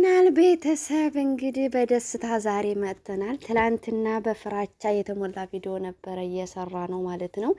ቻናል ቤተሰብ እንግዲህ በደስታ ዛሬ መጥተናል። ትላንትና በፍራቻ የተሞላ ቪዲዮ ነበረ እየሰራ ነው ማለት ነው።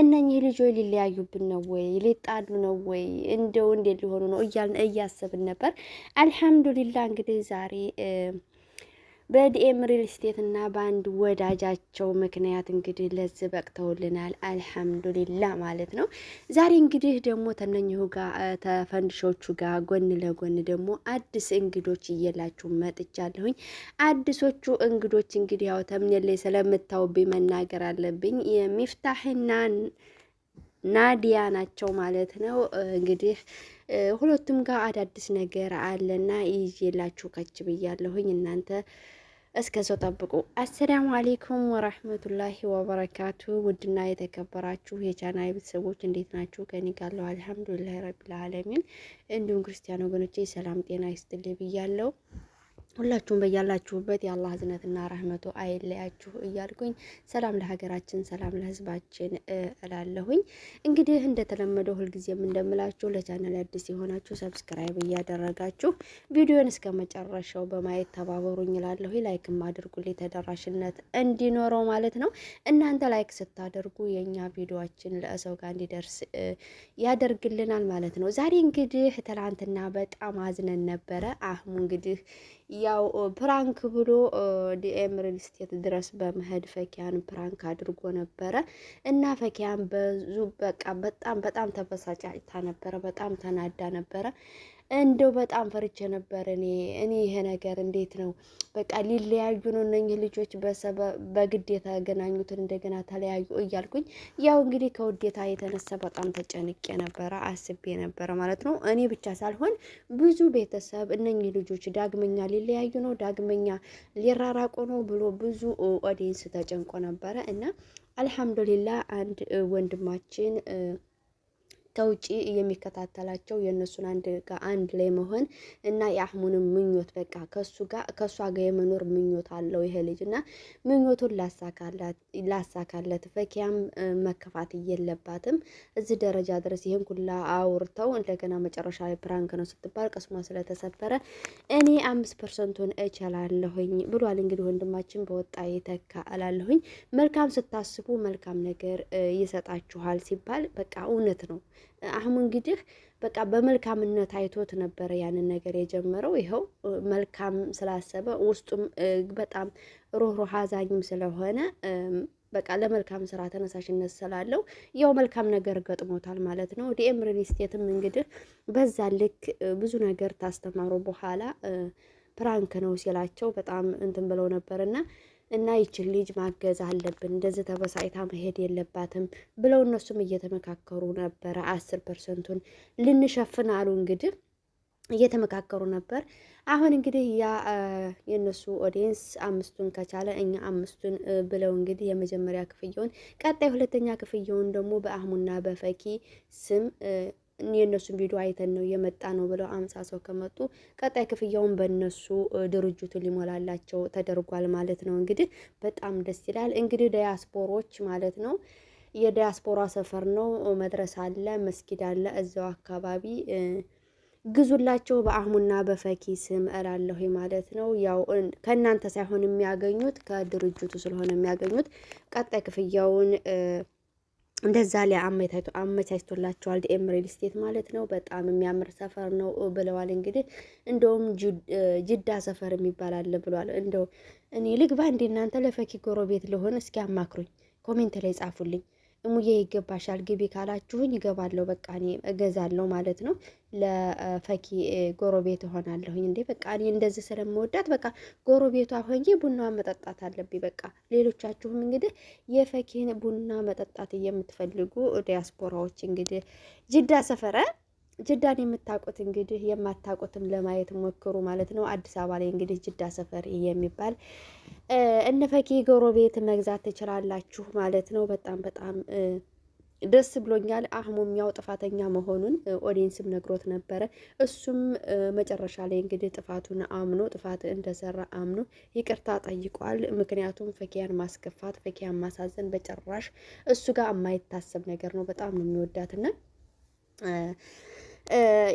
እነኚህ ልጆች ሊለያዩብን ነው ወይ ሊጣሉ ነው ወይ እንደው እንዴት ሊሆኑ ነው እያልን እያሰብን ነበር። አልሐምዱሊላ እንግዲህ ዛሬ በዲኤም ሪል ስቴት እና በአንድ ወዳጃቸው ምክንያት እንግዲህ ለዚህ በቅተውልናል። አልሐምዱሊላ ማለት ነው። ዛሬ እንግዲህ ደግሞ ተነኝሁ ጋር ተፈንድሾቹ ጋር ጎን ለጎን ደግሞ አዲስ እንግዶች እየላችሁ መጥቻለሁኝ። አዲሶቹ እንግዶች እንግዲህ ያው ተምኔላይ ስለምታውብኝ መናገር አለብኝ። የሚፍታህና ናዲያ ናቸው ማለት ነው እንግዲህ ሁለቱም ጋር አዳዲስ ነገር አለና ይዤላችሁ ከች ብያለሁኝ እናንተ እስከዛው ጠብቁ። አሰላሙ አሌይኩም ወራህመቱላሂ ወበረካቱ። ውድና የተከበራችሁ የቻና ቤተሰቦች እንዴት ናችሁ? ከኔ ጋለው አልሐምዱሊላህ ረቢል አለሚን። እንዲሁም ክርስቲያን ወገኖቼ ሰላም ጤና ይስጥልኝ ብያለሁ። ሁላችሁም በያላችሁበት የአላህ እዝነትና ረህመቱ አይለያችሁ እያልኩኝ ሰላም ለሀገራችን፣ ሰላም ለህዝባችን እላለሁኝ። እንግዲህ እንደተለመደው ሁልጊዜም እንደምላችሁ ለቻናል አዲስ የሆናችሁ ሰብስክራይብ እያደረጋችሁ ቪዲዮን እስከ መጨረሻው በማየት ተባበሩኝ እላለሁ። ላይክም አድርጉልኝ ተደራሽነት እንዲኖረው ማለት ነው። እናንተ ላይክ ስታደርጉ የእኛ ቪዲዮችን ለሰው ጋር እንዲደርስ ያደርግልናል ማለት ነው። ዛሬ እንግዲህ ትላንትና በጣም አዝነን ነበረ። አህሙ እንግዲህ ያው ፕራንክ ብሎ ዲኤም ሪል ስቴት ድረስ በመሄድ ፈኪያን ፕራንክ አድርጎ ነበረ እና ፈኪያን በዙ በቃ በጣም በጣም ተበሳጫጭታ ነበረ። በጣም ተናዳ ነበረ። እንደው በጣም ፈርቼ ነበር። እኔ እኔ ይሄ ነገር እንዴት ነው በቃ ሊለያዩ ነው እነኝህ ልጆች በግድ የተገናኙትን እንደገና ተለያዩ እያልኩኝ ያው እንግዲህ ከውዴታ የተነሳ በጣም ተጨንቄ ነበረ፣ አስቤ ነበረ ማለት ነው። እኔ ብቻ ሳልሆን ብዙ ቤተሰብ እነኝህ ልጆች ዳግመኛ ሊለያዩ ነው፣ ዳግመኛ ሊራራቁ ነው ብሎ ብዙ ኦዴንስ ተጨንቆ ነበረ እና አልሐምዱሊላህ አንድ ወንድማችን ከውጪ የሚከታተላቸው የእነሱን አንድ ጋር አንድ ላይ መሆን እና የአህሙንም ምኞት በቃ ከሱ ጋር ከእሷ ጋር የመኖር ምኞት አለው ይሄ ልጅ እና ምኞቱን ላሳካለት ፈኪያም መከፋት የለባትም። እዚህ ደረጃ ድረስ ይህን ኩላ አውርተው እንደገና መጨረሻ ፕራንክ ነው ስትባል ቅስሟ ስለተሰበረ እኔ አምስት ፐርሰንቱን እችላለሁኝ ብሏል። እንግዲህ ወንድማችን በወጣ የተካ እላለሁኝ። መልካም ስታስቡ መልካም ነገር ይሰጣችኋል ሲባል በቃ እውነት ነው። አህሙ እንግዲህ በቃ በመልካምነት አይቶት ነበረ ያንን ነገር የጀመረው። ይኸው መልካም ስላሰበ ውስጡም በጣም ሩህሩህ አዛኝም ስለሆነ በቃ ለመልካም ስራ ተነሳሽነት ስላለው ያው መልካም ነገር ገጥሞታል ማለት ነው። ዲኤም ሪል ስቴትም እንግዲህ በዛ ልክ ብዙ ነገር ታስተማሩ በኋላ ፕራንክ ነው ሲላቸው በጣም እንትን ብለው ነበርና እና ይችን ልጅ ማገዝ አለብን፣ እንደዚህ ተበሳጭታ መሄድ የለባትም ብለው እነሱም እየተመካከሩ ነበረ። አስር ፐርሰንቱን ልንሸፍን አሉ እንግዲህ እየተመካከሩ ነበር። አሁን እንግዲህ ያ የእነሱ ኦዲየንስ አምስቱን ከቻለ እኛ አምስቱን ብለው እንግዲህ የመጀመሪያ ክፍያውን ቀጣይ ሁለተኛ ክፍያውን ደግሞ በአህሙና በፈኪ ስም የእነሱን ቪዲዮ አይተን ነው የመጣ ነው ብለው አምሳ ሰው ከመጡ ቀጣይ ክፍያውን በእነሱ ድርጅቱ ሊሞላላቸው ተደርጓል ማለት ነው። እንግዲህ በጣም ደስ ይላል። እንግዲህ ዳያስፖሮች ማለት ነው የዳያስፖራ ሰፈር ነው። መድረስ አለ፣ መስጊድ አለ እዛው አካባቢ ግዙላቸው በአህሙና በፈኪ ስም እላለሁ ማለት ነው። ያው ከእናንተ ሳይሆን የሚያገኙት ከድርጅቱ ስለሆነ የሚያገኙት ቀጣይ ክፍያውን እንደዛ ላይ አመቻችቶላቸዋል። ዲኤም ሪል ስቴት ማለት ነው። በጣም የሚያምር ሰፈር ነው ብለዋል። እንግዲህ እንደውም ጅዳ ሰፈር የሚባል አለ ብለዋል። እንደው እኔ ልግባ እንዴ እናንተ ለፈኪ ጎረቤት ለሆነ እስኪ አማክሩኝ፣ ኮሜንት ላይ ጻፉልኝ። እሙዬ ይገባሻል ግቢ ካላችሁኝ እገባለሁ፣ በቃ እኔ እገዛለሁ ማለት ነው። ለፈኪ ጎረቤት እሆናለሁኝ። እንዴ በቃ እኔ እንደዚህ ስለምወዳት በቃ ጎረቤቷ ሆኜ ቡና መጠጣት አለብኝ። በቃ ሌሎቻችሁም እንግዲህ የፈኪን ቡና መጠጣት የምትፈልጉ ዲያስፖራዎች እንግዲህ ጅዳ ሰፈረ ጅዳን የምታውቁት እንግዲህ የማታውቁትም ለማየት ሞክሩ ማለት ነው። አዲስ አበባ ላይ እንግዲህ ጅዳ ሰፈር የሚባል እነፈኪ ቤት መግዛት ትችላላችሁ ማለት ነው። በጣም በጣም ደስ ብሎኛል። አህሙ የሚያው ጥፋተኛ መሆኑን ኦዲንስም ነግሮት ነበረ። እሱም መጨረሻ ላይ እንግዲህ ጥፋቱን አምኖ ጥፋት እንደሰራ አምኖ ይቅርታ ጠይቋል። ምክንያቱም ፈኪያን ማስከፋት፣ ፈኪያን ማሳዘን በጭራሽ እሱ ጋር የማይታሰብ ነገር ነው። በጣም ነው የሚወዳትና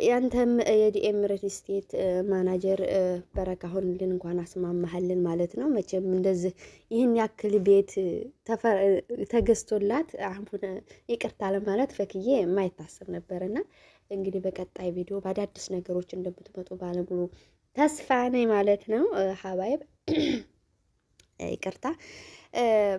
ያንተም የዲኤም ሪል ስቴት ማናጀር በረካ ሆንልን እንኳን አስማማሃልን ማለት ነው። መቼም እንደዚህ ይህን ያክል ቤት ተገዝቶላት አሁን ይቅርታ ለማለት ፈክዬ የማይታሰብ ነበርና እንግዲህ በቀጣይ ቪዲዮ በአዳዲስ ነገሮች እንደምትመጡ ባለሙሉ ተስፋ ነኝ ማለት ነው። ሀባይብ ይቅርታ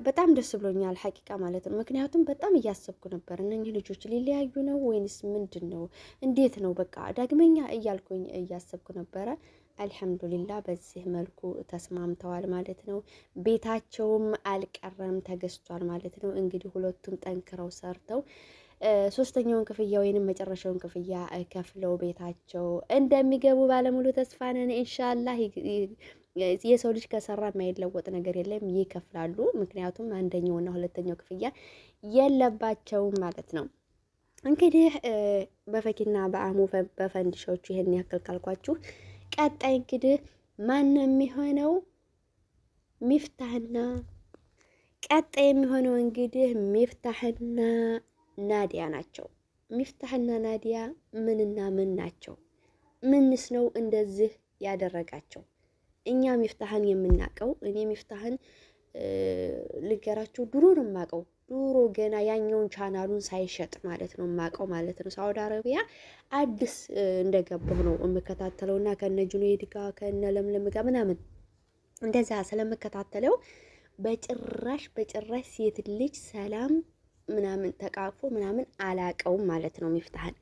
በጣም ደስ ብሎኛል ሀቂቃ ማለት ነው። ምክንያቱም በጣም እያሰብኩ ነበር እነኚህ ልጆች ሊለያዩ ነው ወይንስ ምንድን ነው እንዴት ነው በቃ ዳግመኛ እያልኩኝ እያሰብኩ ነበረ። አልሐምዱሊላ በዚህ መልኩ ተስማምተዋል ማለት ነው። ቤታቸውም አልቀረም ተገዝቷል ማለት ነው። እንግዲህ ሁለቱም ጠንክረው ሰርተው ሶስተኛውን ክፍያ ወይንም መጨረሻውን ክፍያ ከፍለው ቤታቸው እንደሚገቡ ባለሙሉ ተስፋ ነን ኢንሻላህ። የሰው ልጅ ከሰራ የማይለወጥ ነገር የለም፣ ይከፍላሉ። ምክንያቱም አንደኛውና ሁለተኛው ክፍያ የለባቸውም ማለት ነው። እንግዲህ በፈኪና በአሙ በፈንድሾቹ ይህን ያክል ካልኳችሁ፣ ቀጣይ እንግዲህ ማን የሚሆነው ሚፍታህና ቀጣይ የሚሆነው እንግዲህ ሚፍታህና ናዲያ ናቸው። ሚፍታህና ናዲያ ምንና ምን ናቸው? ምንስ ነው እንደዚህ ያደረጋቸው? እኛ ሚፍታህን የምናቀው እኔ ሚፍታህን ልገራቸው ድሮ ነው የማቀው ድሮ ገና ያኛውን ቻናሉን ሳይሸጥ ማለት ነው የማቀው ማለት ነው። ሳውዲ አረቢያ አዲስ እንደገባሁ ነው የምከታተለው እና ከነ ጁኔድ ጋ ከነ ለምለም ጋ ምናምን እንደዛ ስለምከታተለው በጭራሽ በጭራሽ ሴት ልጅ ሰላም ምናምን ተቃፎ ምናምን አላቀውም ማለት ነው ሚፍታህን።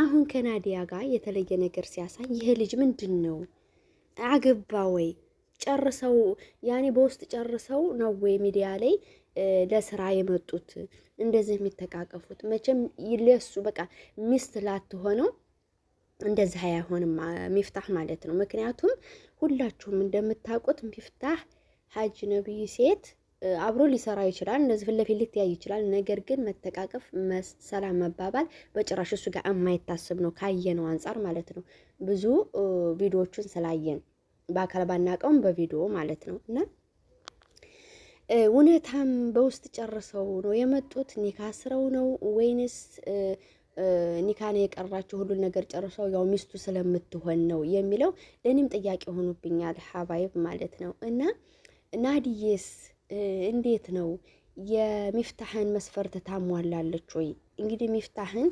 አሁን ከናዲያ ጋር የተለየ ነገር ሲያሳይ ይሄ ልጅ ምንድን ነው አገባ ወይ ጨርሰው ያኔ በውስጥ ጨርሰው ነው ወይ ሚዲያ ላይ ለስራ የመጡት እንደዚህ የሚተቃቀፉት? መቼም ይለሱ በቃ ሚስት ላትሆነው እንደዚህ አይሆንም ሚፍታህ ማለት ነው። ምክንያቱም ሁላችሁም እንደምታውቁት ሚፍታህ ሀጅ ነብይ ሴት አብሮ ሊሰራ ይችላል። እንደዚህ ፊት ለፊት ሊተያይ ይችላል። ነገር ግን መተቃቀፍ፣ ሰላም መባባል በጭራሽ እሱ ጋር የማይታስብ ነው ካየነው አንጻር ማለት ነው። ብዙ ቪዲዮዎቹን ስላየን በአካል ባናቀውም በቪዲዮ ማለት ነው እና እውነታም በውስጥ ጨርሰው ነው የመጡት ኒካ ስረው ነው ወይንስ ኒካን የቀራቸው ሁሉን ነገር ጨርሰው ያው ሚስቱ ስለምትሆን ነው የሚለው ለእኔም ጥያቄ ሆኖብኛል። ሀባይብ ማለት ነው እና ናዲዬስ እንዴት ነው የሚፍታህን መስፈርት ታሟላለች ወይ? እንግዲህ ሚፍታህን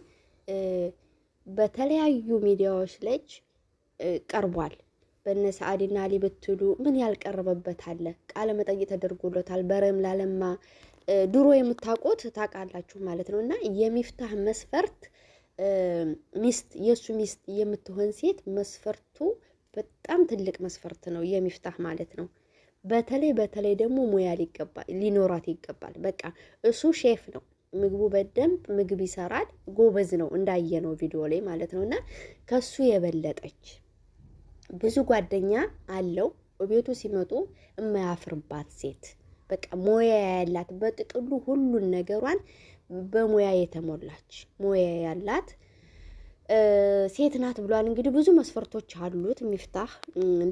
በተለያዩ ሚዲያዎች ላይ ቀርቧል። በነ ሰአዲና አሊ ብትሉ ምን ያልቀረበበት አለ? ቃለ መጠይቅ ተደርጎለታል። በረም ላለማ ድሮ የምታውቁት ታውቃላችሁ ማለት ነው። እና የሚፍታህ መስፈርት ሚስት የእሱ ሚስት የምትሆን ሴት መስፈርቱ በጣም ትልቅ መስፈርት ነው የሚፍታህ ማለት ነው። በተለይ በተለይ ደግሞ ሙያ ሊኖራት ይገባል። በቃ እሱ ሼፍ ነው። ምግቡ በደንብ ምግብ ይሰራል። ጎበዝ ነው እንዳየነው ቪዲዮ ላይ ማለት ነው። እና ከሱ የበለጠች ብዙ ጓደኛ አለው። ቤቱ ሲመጡ የማያፍርባት ሴት በቃ ሙያ ያላት በጥቅሉ ሁሉን ነገሯን በሙያ የተሞላች ሙያ ያላት ሴት ናት ብሏል። እንግዲህ ብዙ መስፈርቶች አሉት ሚፍታህ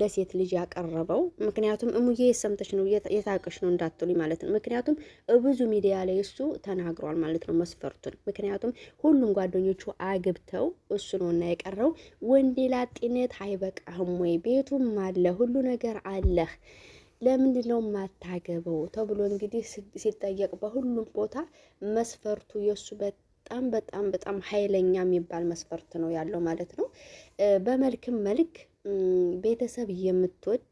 ለሴት ልጅ ያቀረበው። ምክንያቱም እሙዬ የሰምተች ነው የታቀሽ ነው እንዳትሉኝ ማለት ነው። ምክንያቱም ብዙ ሚዲያ ላይ እሱ ተናግሯል ማለት ነው መስፈርቱን። ምክንያቱም ሁሉም ጓደኞቹ አግብተው እሱ እና የቀረው። ወንዴ ላጤነት አይበቃህም ወይ? ቤቱም አለ ሁሉ ነገር አለህ ለምንድን ነው ማታገበው ተብሎ እንግዲህ ሲጠየቅ በሁሉም ቦታ መስፈርቱ የእሱ በጣም በጣም በጣም ኃይለኛ የሚባል መስፈርት ነው ያለው ማለት ነው። በመልክም መልክ ቤተሰብ የምትወድ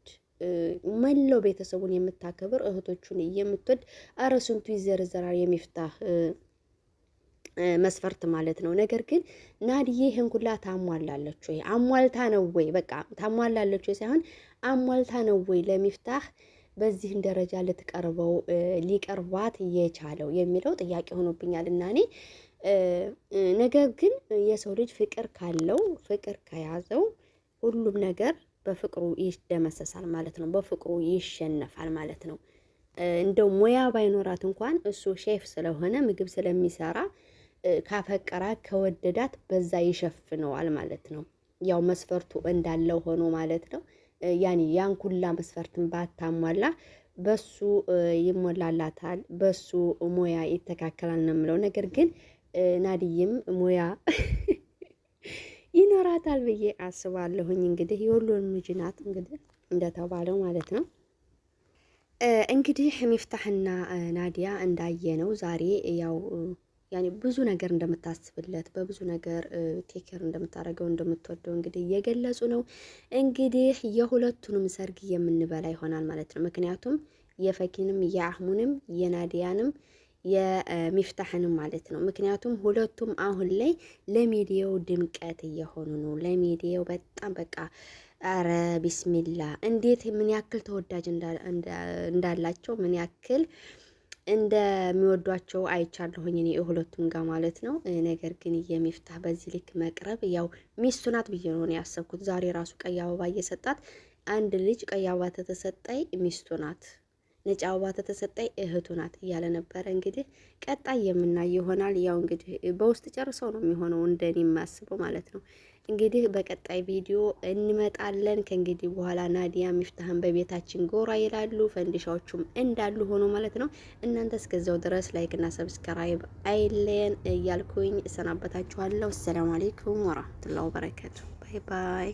መላው ቤተሰቡን የምታከብር እህቶቹን የምትወድ አረ ስንቱ ይዘርዘራል የሚፍታህ መስፈርት ማለት ነው። ነገር ግን ናድዬ ይህን ሁላ ታሟላለች ወይ አሟልታ ነው ወይ በቃ ታሟላለች ወይ ሳይሆን አሟልታ ነው ወይ ለሚፍታህ በዚህን ደረጃ ልትቀርበው ሊቀርባት የቻለው የሚለው ጥያቄ ሆኖብኛል እና እኔ ነገር ግን የሰው ልጅ ፍቅር ካለው ፍቅር ከያዘው ሁሉም ነገር በፍቅሩ ይደመሰሳል ማለት ነው። በፍቅሩ ይሸነፋል ማለት ነው። እንደው ሙያ ባይኖራት እንኳን እሱ ሼፍ ስለሆነ ምግብ ስለሚሰራ ካፈቀራ ከወደዳት በዛ ይሸፍነዋል ማለት ነው። ያው መስፈርቱ እንዳለው ሆኖ ማለት ነው። ያን ያን ኩላ መስፈርትን ባታሟላ በሱ ይሞላላታል፣ በሱ ሙያ ይተካከላል ነው የምለው ነገር ግን ናድይም ሙያ ይኖራታል ብዬ አስባለሁኝ። እንግዲህ የወሎን ልጅ ናት እንግዲህ እንደተባለው ማለት ነው። እንግዲህ ሚፍታህና ናዲያ እንዳየነው ዛሬ ያው ያኔ ብዙ ነገር እንደምታስብለት በብዙ ነገር ቴክር እንደምታደርገው እንደምትወደው እንግዲህ እየገለጹ ነው። እንግዲህ የሁለቱንም ሰርግ የምንበላ ይሆናል ማለት ነው። ምክንያቱም የፈኪንም የአህሙንም የናዲያንም የሚፍታህንም ማለት ነው። ምክንያቱም ሁለቱም አሁን ላይ ለሚዲያው ድምቀት እየሆኑ ነው። ለሚዲያው በጣም በቃ አረ ቢስሚላ እንዴት ምን ያክል ተወዳጅ እንዳላቸው ምን ያክል እንደሚወዷቸው አይቻለሁኝ እኔ የሁለቱም ጋር ማለት ነው። ነገር ግን የሚፍታህ በዚህ ልክ መቅረብ ያው ሚስቱ ናት ብዬ ነው ያሰብኩት። ዛሬ ራሱ ቀይ አበባ እየሰጣት አንድ ልጅ ቀይ አበባ ተተሰጠኝ ሚስቱ ናት ነጭ አበባ ተተሰጠኝ እህቱ ናት እያለ ነበረ። እንግዲህ ቀጣይ የምናይ ይሆናል። ያው እንግዲህ በውስጥ ጨርሰው ነው የሚሆነው እንደኔ የማስበው ማለት ነው። እንግዲህ በቀጣይ ቪዲዮ እንመጣለን። ከእንግዲህ በኋላ ናዲያ ሚፍታህን በቤታችን ጎራ ይላሉ፣ ፈንዲሻዎቹም እንዳሉ ሆኖ ማለት ነው። እናንተ እስከዚያው ድረስ ላይክ እና ሰብስክራይብ አይለን እያልኩኝ እሰናበታችኋለሁ። አሰላሙ አሌይኩም ወራህመቱላሂ ወበረካቱ። ባይ ባይ።